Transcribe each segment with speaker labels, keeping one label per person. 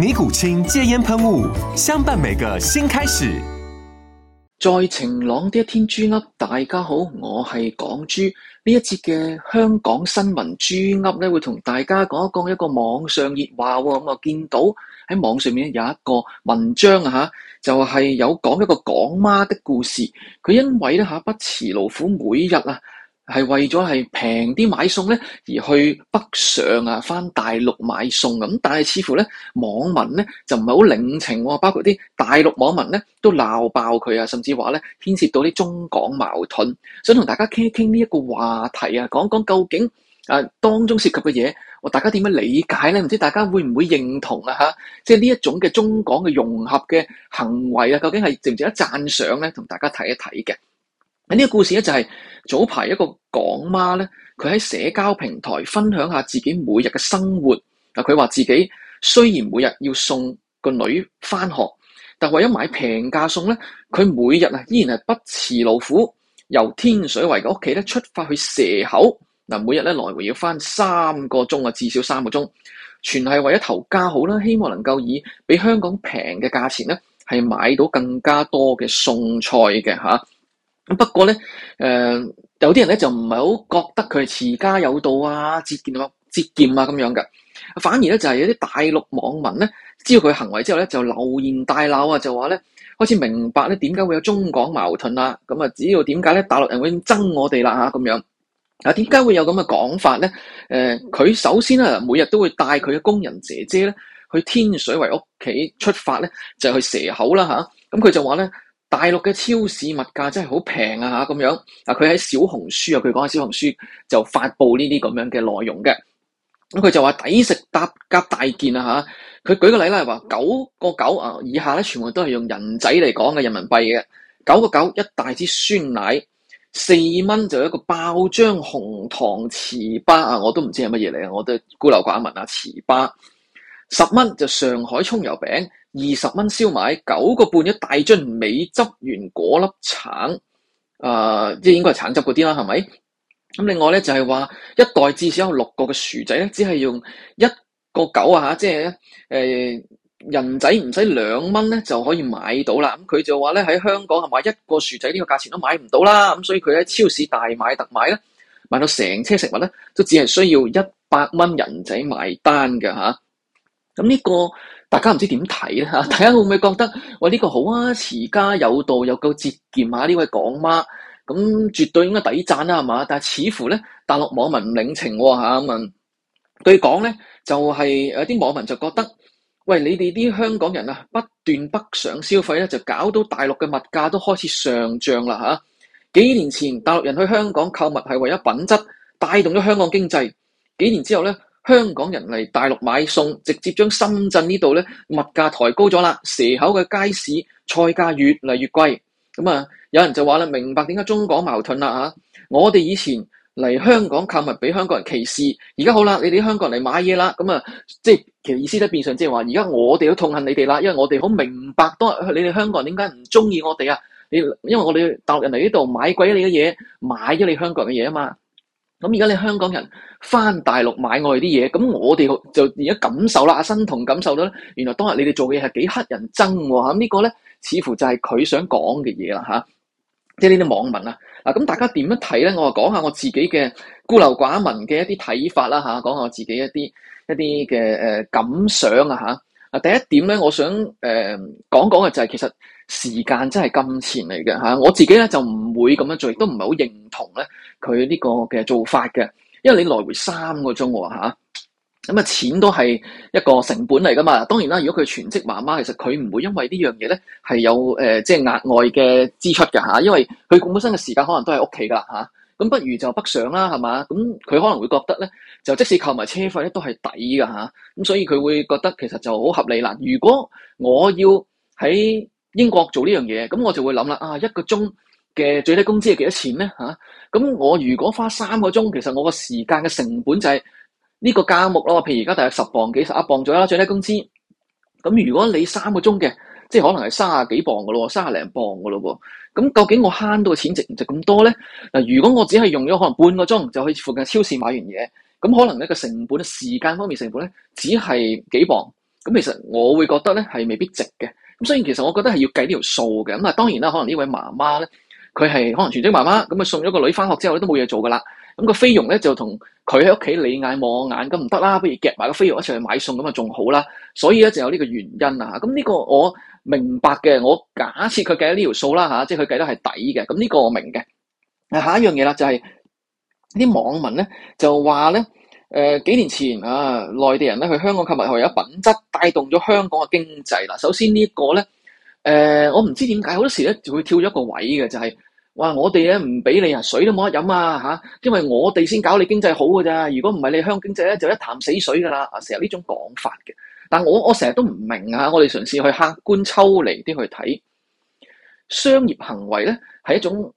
Speaker 1: 尼古清戒煙噴霧，相伴每個新開始。在晴朗的一天，豬噏大家好，我係港豬。呢一節嘅香港新聞，豬噏咧會同大家講一講一個網上熱話。咁啊，見到喺網上面有一個文章吓，就係有講一個港媽的故事。佢因為咧吓不辭勞苦，每日啊。係為咗係平啲買餸咧，而去北上啊，返大陸買餸咁。但係似乎咧，網民咧就唔係好領情喎、啊。包括啲大陸網民咧都鬧爆佢啊，甚至話咧牽涉到啲中港矛盾。想同大家傾一傾呢一個話題啊，講講究竟啊當中涉及嘅嘢，我大家點樣理解咧？唔知大家會唔會認同啊？啊即係呢一種嘅中港嘅融合嘅行為啊，究竟係值唔值得讚賞咧？同大家睇一睇嘅。呢個故事咧就係早排一個港媽咧，佢喺社交平台分享下自己每日嘅生活。嗱，佢話自己雖然每日要送個女翻學，但為咗買平價餸咧，佢每日啊依然係不辭勞苦，由天水圍嘅屋企咧出發去蛇口。嗱，每日咧來回要翻三個鐘啊，至少三個鐘，全係為咗頭家好啦，希望能夠以比香港平嘅價錢咧，係買到更加多嘅餸菜嘅嚇。咁不過咧，誒、呃，有啲人咧就唔係好覺得佢係持家有道啊、節儉啊、節儉啊咁樣嘅，反而咧就係、是、有啲大陸網民咧，知道佢行為之後咧，就留言大鬧啊，就話咧開始明白咧點解會有中港矛盾啊，咁、嗯、啊，知道點解咧大陸人會憎我哋啦吓咁樣，啊，點解會有咁嘅講法咧？誒、呃，佢首先呢，每日都會帶佢嘅工人姐姐咧去天水圍屋企出發咧，就去蛇口啦、啊、吓，咁、啊、佢、嗯、就話咧。大陸嘅超市物價真係好平啊！嚇咁樣，啊，佢喺小紅書啊，佢講下小紅書就發布呢啲咁樣嘅內容嘅。咁、啊、佢就話抵食搭夾大件啊！嚇、啊，佢舉個例啦，話九個九啊以下咧，全部都係用人仔嚟講嘅人民幣嘅。九個九，一大支酸奶四蚊，就一個爆漿紅糖糍粑啊！我都唔知係乜嘢嚟，我都孤陋寡聞啊！糍粑十蚊就上海葱油餅。二十蚊燒賣九個半一大樽美汁源果粒橙，誒、呃，即係應該係橙汁嗰啲啦，係咪？咁另外咧就係、是、話，一袋至少有六個嘅薯仔咧，只係用一個九啊吓，即係誒、呃、人仔唔使兩蚊咧就可以買到啦。咁佢就話咧喺香港係買一個薯仔呢個價錢都買唔到啦。咁所以佢喺超市大買特買咧，買到成車食物咧，都只係需要一百蚊人仔埋單嘅吓。咁、啊、呢、這個。大家唔知點睇咧吓，大家會唔會覺得喂，呢個好啊？持家有道又夠節儉啊！呢位港媽咁絕對應該抵讚啦，係嘛？但係似乎咧，大陸網民唔領情吓，問據講咧就係、是、誒，啲網民就覺得喂，你哋啲香港人啊，不斷北上消費咧，就搞到大陸嘅物價都開始上漲啦吓。幾年前大陸人去香港購物係為咗品質，帶動咗香港經濟。幾年之後咧。香港人嚟大陸買餸，直接將深圳呢度咧物價抬高咗啦。蛇口嘅街市菜價越嚟越貴。咁啊，有人就話啦，明白點解中港矛盾啦吓。啊、我哋以前嚟香港購物俾香港人歧視，而家好啦，你哋香港人嚟買嘢啦。咁啊，即係其實意思咧變相即係話，而家我哋都痛恨你哋啦，因為我哋好明白當日你哋香港人點解唔中意我哋啊。你因為我哋大陸人嚟呢度買貴你嘅嘢，買咗你香港人嘅嘢啊嘛。咁而家你香港人翻大陸買我哋啲嘢，咁我哋就而家感受啦。阿新同感受到咧，原來當日你哋做嘅嘢係幾乞人憎喎吓。呢個咧，似乎就係佢想講嘅嘢啦吓，即係呢啲網民啊。嗱、啊、咁大家點樣睇咧？我話講下我自己嘅孤陋寡聞嘅一啲睇法啦吓，講、啊、下我自己一啲一啲嘅誒感想啊吓。啊，第一點咧，我想誒、呃、講講嘅就係、係、其實時間真係金錢嚟嘅吓，我自己咧就唔會咁樣做，亦都唔係好認同咧佢呢個嘅做法嘅，因為你來回三個鐘喎吓，咁啊錢都係一個成本嚟噶嘛。當然啦，如果佢全職媽媽，其實佢唔會因為呢樣嘢咧係有誒即係額外嘅支出嘅吓、啊，因為佢本身嘅時間可能都係屋企噶啦吓。啊咁不如就北上啦，係嘛？咁佢可能會覺得咧，就即使扣埋車費咧，都係抵㗎嚇。咁所以佢會覺得其實就好合理啦。如果我要喺英國做呢樣嘢，咁我就會諗啦，啊一個鐘嘅最低工資係幾多錢咧嚇？咁、啊、我如果花三個鐘，其實我個時間嘅成本就係呢個價目咯。譬如而家大約十磅幾、十一磅左右啦，最低工資。咁如果你三個鐘嘅。即係可能係三十幾磅嘅咯，三十零磅嘅咯喎，咁究竟我慳到嘅錢值唔值咁多咧？嗱，如果我只係用咗可能半個鐘就去附近超市買完嘢，咁可能呢個成本時間方面成本咧只係幾磅，咁其實我會覺得咧係未必值嘅。咁所以其實我覺得係要計呢條數嘅。咁啊，當然啦，可能位媽媽呢位媽媽咧，佢係可能全職媽媽，咁啊送咗個女返學之後咧都冇嘢做㗎啦。咁個菲傭咧就同佢喺屋企你眼望我眼，咁唔得啦，不如夾埋個菲傭一齊去買餸，咁啊仲好啦。所以咧就有呢個原因啊。咁呢個我明白嘅，我假設佢計咗呢條數啦吓、啊，即係佢計得係抵嘅。咁呢個我明嘅。下一樣嘢啦，就係、是、啲網民咧就話咧，誒、呃、幾年前啊，內地人咧去香港購物又有品質，帶動咗香港嘅經濟嗱。首先這呢一個咧，誒、呃、我唔知點解好多時咧就會跳咗一個位嘅，就係、是。哇，我哋咧唔俾你啊，水都冇得飲啊吓，因為我哋先搞你經濟好㗎咋，如果唔係你鄉經濟咧就一潭死水噶啦，啊，成日呢種講法嘅。但我我成日都唔明啊，我哋嘗試去客觀抽離啲去睇，商業行為咧係一種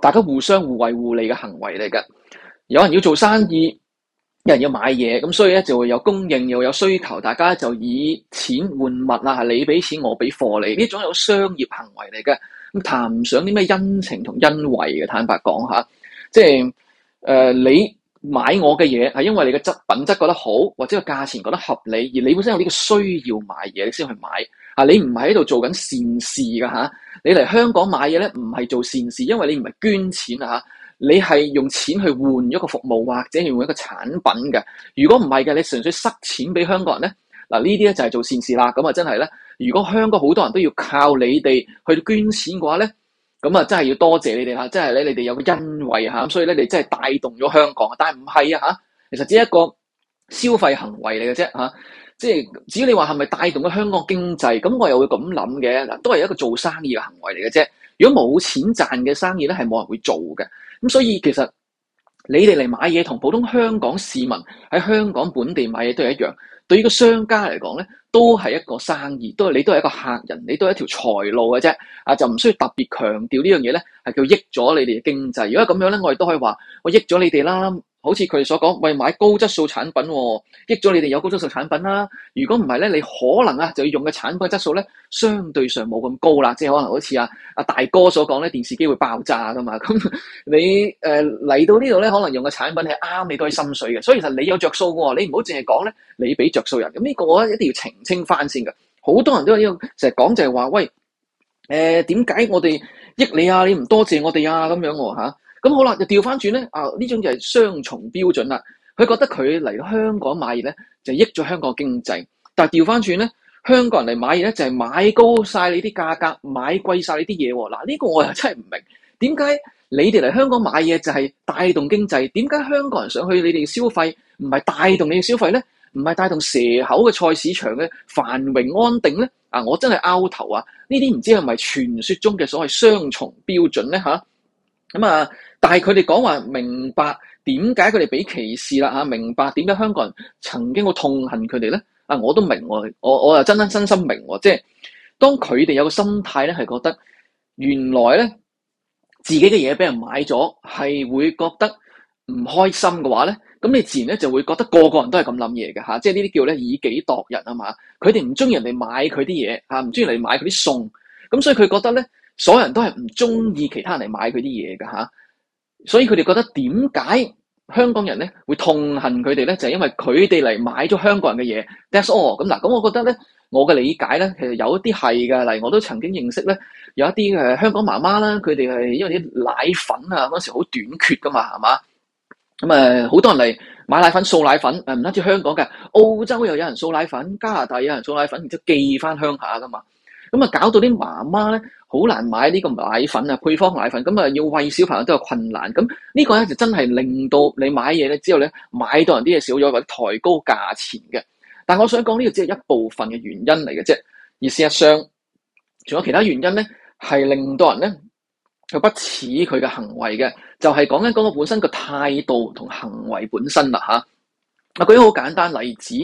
Speaker 1: 大家互相互惠互利嘅行為嚟㗎。有人要做生意，有人要買嘢，咁所以咧就會有供應又有需求，大家就以錢換物啊，你俾錢我俾貨你，呢種有商業行為嚟嘅。咁談唔上啲咩恩情同恩惠嘅，坦白講下、啊、即係、呃、你買我嘅嘢係因為你嘅質品質覺得好，或者個價錢覺得合理，而你本身有呢個需要買嘢你先去買啊！你唔係喺度做緊善事㗎、啊。你嚟香港買嘢咧唔係做善事，因為你唔係捐錢啊嚇，你係用錢去換一個服務或者換一個產品嘅。如果唔係嘅，你純粹塞錢俾香港人咧，嗱呢啲咧就係做善事啦。咁啊真係咧～如果香港好多人都要靠你哋去捐錢嘅話咧，咁啊真係要多謝你哋啦！真係咧，你哋有個恩惠嚇，所以咧你真係帶動咗香港。但係唔係啊嚇？其實只係一個消費行為嚟嘅啫嚇，即係只要你話係咪帶動咗香港經濟，咁我又會咁諗嘅嗱，都係一個做生意嘅行為嚟嘅啫。如果冇錢賺嘅生意咧，係冇人會做嘅。咁所以其實你哋嚟買嘢同普通香港市民喺香港本地買嘢都係一樣。對呢個商家嚟講呢都係一個生意，都係你都係一個客人，你都係一條財路嘅啫。啊，就唔需要特別強調這呢樣嘢，呢係叫益咗你哋嘅經濟。如果咁樣呢，我哋都可以話我益咗你哋啦。好似佢哋所講，為買高質素產品，哦，益咗你哋有高質素產品啦，啊。如果唔係咧，你可能啊就要用嘅產品質素咧相對上冇咁高啦。即係可能好似阿阿大哥所講咧，電視機會爆炸噶嘛。咁、嗯、你誒嚟、呃、到呢度咧，可能用嘅產品係啱你個心水嘅。所以其實你有着數喎，你唔好淨係講咧，你俾着數人。咁、嗯、呢、呢個我一定要澄清翻先嘅。好多人都有成日講就係話喂，誒點解我哋益你啊？你唔多謝我哋啊？咁樣吓，啊。啊咁好啦，就調翻轉咧。啊，呢種就係雙重標準啦。佢覺得佢嚟香港買嘢咧，就益咗香港經濟。但係調翻轉咧，香港人嚟買嘢咧，就係、是、買高晒你啲價格，買貴晒你啲嘢喎。嗱、啊，呢、呢個我又真係唔明點解你哋嚟香港買嘢就係帶動經濟，點解香港人想去你哋消費，唔係帶動你嘅消費咧？唔係帶動蛇口嘅菜市場嘅繁榮安定咧？啊，我真係拗頭啊！呢啲唔知係咪傳説中嘅所謂雙重標準咧？嚇！咁啊！但係佢哋講話明白點解佢哋俾歧視啦嚇？明白點解香港人曾經好痛恨佢哋咧？啊！我都明喎，我我又真真真心明喎。即係當佢哋有個心態咧，係覺得原來咧自己嘅嘢俾人買咗，係會覺得唔開心嘅話咧，咁你自然咧就會覺得個個人都係咁諗嘢嘅嚇。即係呢啲叫咧以己度人啊嘛。佢哋唔中意人哋買佢啲嘢嚇，唔中意人哋買佢啲餸。咁所以佢覺得咧。所有人都係唔中意其他人嚟買佢啲嘢㗎嚇，所以佢哋覺得點解香港人咧會痛恨佢哋咧？就係因為佢哋嚟買咗香港人嘅嘢。That's all。咁嗱，咁我覺得咧，我嘅理解咧，其實有一啲係㗎。例如我都曾經認識咧，有一啲誒香港媽媽啦，佢哋係因為啲奶粉啊嗰時好短缺㗎嘛，係嘛？咁誒，好多人嚟買奶粉、掃奶粉，誒唔單止香港嘅澳洲又有人掃奶粉，加拿大有人掃奶粉，然之後寄翻鄉下㗎嘛。咁啊，搞到啲媽媽咧好難買呢個奶粉啊，配方奶粉咁啊，要餵小朋友都有困難。咁呢個咧就真係令到你買嘢咧之後咧買到人啲嘢少咗，或者抬高價錢嘅。但我想講呢、呢個只係一部分嘅原因嚟嘅啫，而事實上，仲有其他原因咧係令到人咧佢不似佢嘅行為嘅，就係、是、講緊嗰個本身個態度同行為本身啦嚇。嗱，舉個好簡單例子。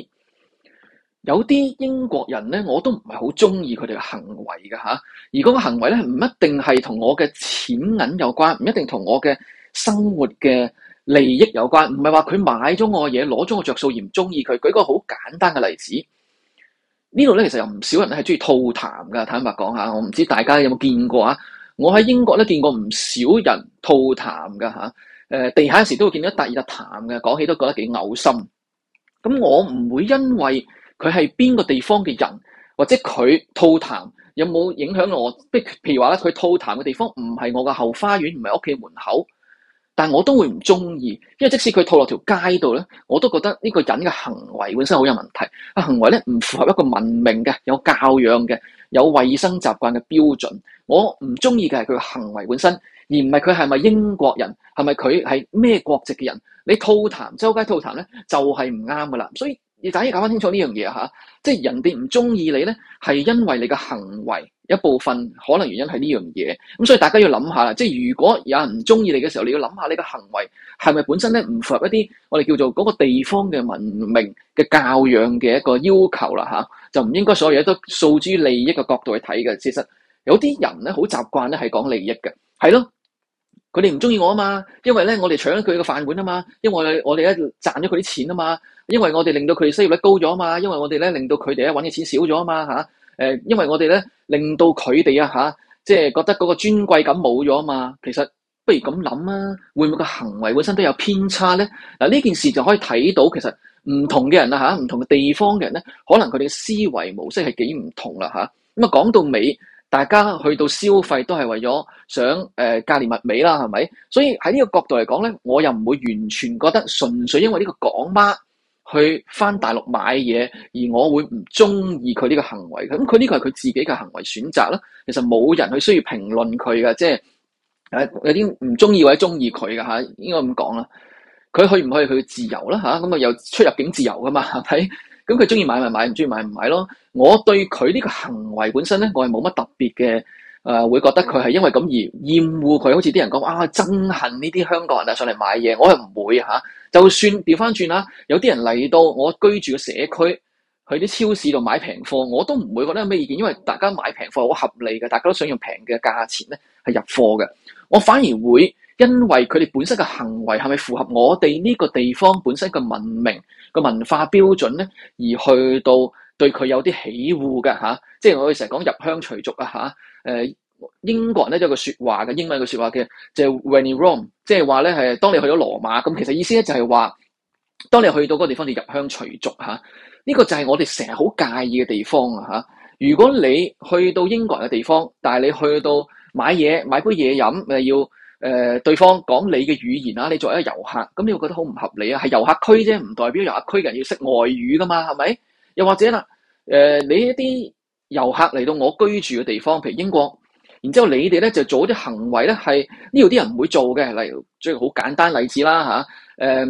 Speaker 1: 有啲英國人咧，我都唔係好中意佢哋嘅行為嘅嚇，而嗰個行為咧唔一定係同我嘅錢銀有關，唔一定同我嘅生活嘅利益有關，唔係話佢買咗我嘢攞咗我着數而唔中意佢。舉個好簡單嘅例子，這裡呢度咧其實有唔少人係中意吐痰嘅，坦白講嚇，我唔知大家有冇見過啊？我喺英國咧見過唔少人吐痰嘅嚇，誒地下有時都會見到一笪熱嘅痰嘅，講起都覺得幾嘔心。咁我唔會因為佢係邊個地方嘅人，或者佢吐痰有冇影響我？譬如話咧，佢吐痰嘅地方唔係我嘅後花園，唔係屋企門口，但我都會唔中意。因為即使佢吐落條街度咧，我都覺得呢個人嘅行為本身好有問題。啊，行為咧唔符合一個文明嘅、有教養嘅、有衛生習慣嘅標準。我唔中意嘅係佢嘅行為本身，而唔係佢係咪英國人，係咪佢係咩國籍嘅人？你吐痰，周街吐痰咧，就係唔啱噶啦。所以。你第一搞翻清楚呢樣嘢嚇，即係人哋唔中意你咧，係因為你嘅行為一部分，可能原因係呢樣嘢。咁所以大家要諗下啦，即係如果有人唔中意你嘅時候，你要諗下你嘅行為係咪本身咧唔符合一啲我哋叫做嗰個地方嘅文明嘅教養嘅一個要求啦嚇，就唔應該所有嘢都訴諸利益嘅角度去睇嘅。其實有啲人咧好習慣咧係講利益嘅，係咯。佢哋唔中意我啊嘛，因為咧我哋搶咗佢個飯館啊嘛，因為我我哋咧賺咗佢啲錢啊嘛，因為我哋令到佢哋失業率高咗啊嘛，因為我哋咧令到佢哋咧揾嘅錢少咗啊嘛嚇，誒因為我哋咧令到佢哋啊吓，即係覺得嗰個尊貴感冇咗啊嘛，其實不如咁諗啊，會唔會個行為本身都有偏差咧？嗱呢件事就可以睇到其實唔同嘅人啊嚇，唔同嘅地方嘅人咧，可能佢哋嘅思維模式係幾唔同啦吓，咁啊講到尾，大家去到消費都係為咗想誒價廉物美啦，係咪？所以喺呢個角度嚟講咧，我又唔會完全覺得純粹因為呢個港媽去翻大陸買嘢，而我會唔中意佢呢個行為。咁佢呢個係佢自己嘅行為選擇啦。其實冇人去需要評論佢噶，即係誒、啊、有啲唔中意或者中意佢嘅嚇，應該咁講啦。佢去唔去係佢自由啦嚇，咁啊、嗯、又出入境自由噶嘛？係。咁佢中意買咪買，唔中意買唔買咯。我對佢呢個行為本身咧，我係冇乜特別嘅，誒、呃、會覺得佢係因為咁而厭惡佢，好似啲人講啊，憎恨呢啲香港人呀上嚟買嘢，我係唔會嚇。就算調翻轉啦，有啲人嚟到我居住嘅社區，去啲超市度買平貨，我都唔會覺得有咩意見，因為大家買平貨好合理嘅，大家都想用平嘅價錢咧係入貨嘅。我反而會因為佢哋本身嘅行為係咪符合我哋呢個地方本身嘅文明？個文化標準咧，而去到對佢有啲喜惡嘅吓，即係我哋成日講入鄉隨俗啊吓。誒，英國人咧有一個說話嘅英文嘅說話嘅，就係 When you roam，即係話咧係當你去咗羅馬，咁其實意思咧就係話，當你去到嗰個地方你入鄉隨俗吓。呢個就係我哋成日好介意嘅地方啊吓。如果你去到英國人嘅地方，但係你去到買嘢買杯嘢飲，你要。誒、呃，對方講你嘅語言啊，你作為一個遊客，咁你會覺得好唔合理啊？係遊客區啫，唔代表遊客區嘅人要識外語噶嘛，係咪？又或者啦，誒、呃，你一啲遊客嚟到我居住嘅地方，譬如英國，然之後你哋咧就做啲行為咧，係呢度啲人唔會做嘅，例如，即係好簡單例子啦吓，誒、呃，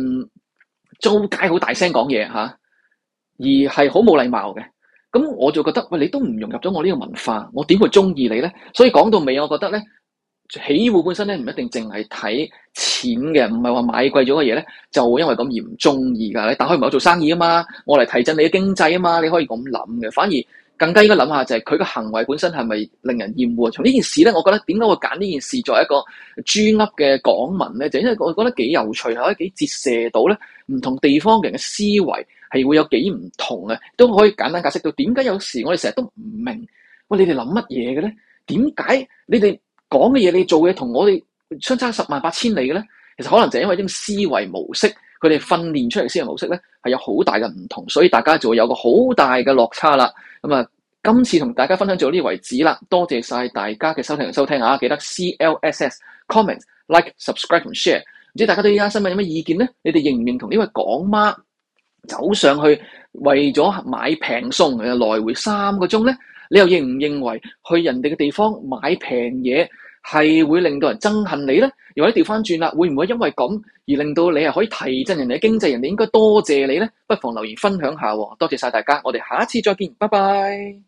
Speaker 1: 租界好大聲講嘢吓，而係好冇禮貌嘅，咁我就覺得喂、呃，你都唔融入咗我呢個文化，我點會中意你咧？所以講到尾，我覺得咧。起鬨本身咧，唔一定淨係睇錢嘅，唔係話買貴咗嘅嘢咧，就因為咁而唔中意噶。你打開門做生意啊嘛，我嚟提振你嘅經濟啊嘛。你可以咁諗嘅，反而更加應該諗下就係佢個行為本身係咪令人厭惡？從呢件事咧，我覺得點解會揀呢件事作為一個專噏嘅港民咧，就是、因為我覺得幾有趣，又可以幾折射到咧唔同地方嘅人嘅思維係會有幾唔同嘅，都可以簡單解釋到點解有時我哋成日都唔明，喂你哋諗乜嘢嘅咧？點解你哋？講嘅嘢你做嘅同我哋相差十萬八千里嘅咧。其實可能就係因為啲思維模式，佢哋訓練出嚟思維模式咧，係有好大嘅唔同，所以大家就會有個好大嘅落差啦。咁、嗯、啊，今次同大家分享到呢度為止啦，多謝晒大家嘅收聽收聽啊！記得 C L S S comment like subscribe and share。唔知大家對呢家新聞有咩意見咧？你哋認唔認同呢位港媽走上去為咗買平餸，來回三個鐘咧？你又認唔認為去人哋嘅地方買平嘢？係會令到人憎恨你咧，又或者調翻轉啦，會唔會因為咁而令到你係可以提振人哋嘅經濟，人哋應該多謝你咧？不妨留言分享下喎，多謝晒大家，我哋下次再見，拜拜。